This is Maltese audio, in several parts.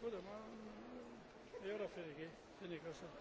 Skuda, ma jara e fini, fini kasant.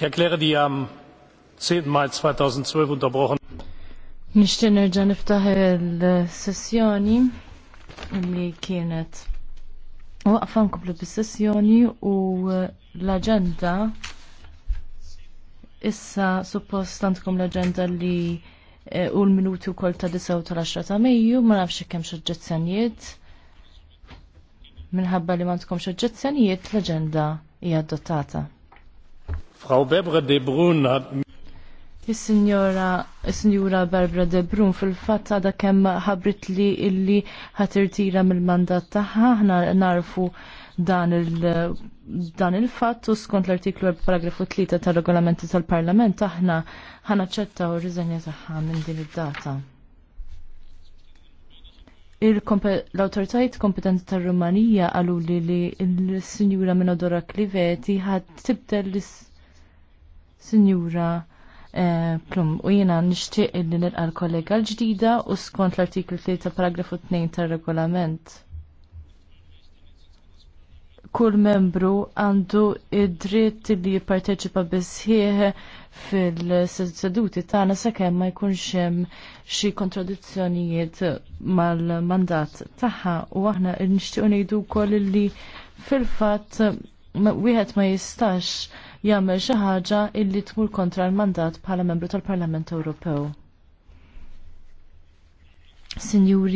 Nishti erkläre 10. nerġa' niftaħ il-sessjoni li kienet waqfa nkomplu bis-sessjoni u l-aġenda issa suppost għandkom l-aġenda li eh, u l-minuti wkoll ta' 9 tal-10 ta' Mejju ma nafx kemm x'oġġezzjonijiet. Minħabba li m'għandkomx oġġezzjonijiet l-aġenda hija adottata. Frau Bebra de Brun hat Is-sinjora, is-sinjura Barbara De Brun fil-fatt għada kemm ħabrit li illi ħatirtira mill-mandat taħħa, ħna narfu dan il- dan il-fatt u skont l-artiklu paragrafu 3 tal-regolamenti tal-Parlament aħna ħana ċetta u riżenja tagħha minn din id-data. l autoritajt kompetenti tar-Rumanija għalu li li l-sinjura Minodora Kliveti ħad tibdel l Sinjura eh, Plum, u jena nishtiq illi nilqa l-kollega l-ġdida u skont l-artiklu 3 paragrafu 2 tal-regolament. Kull membru għandu id-dritt li jipparteċipa bisħieħ fil-seduti tagħna sakemm ma jkunx hemm xi kontradizzjonijiet mal-mandat tagħha u aħna nixtiequ ngħidu wkoll li fil-fatt wieħed ma jistax jagħmel xi ħaġa illi tmur kontra l-mandat bħala membru tal-Parlament Ewropew. Sinjuri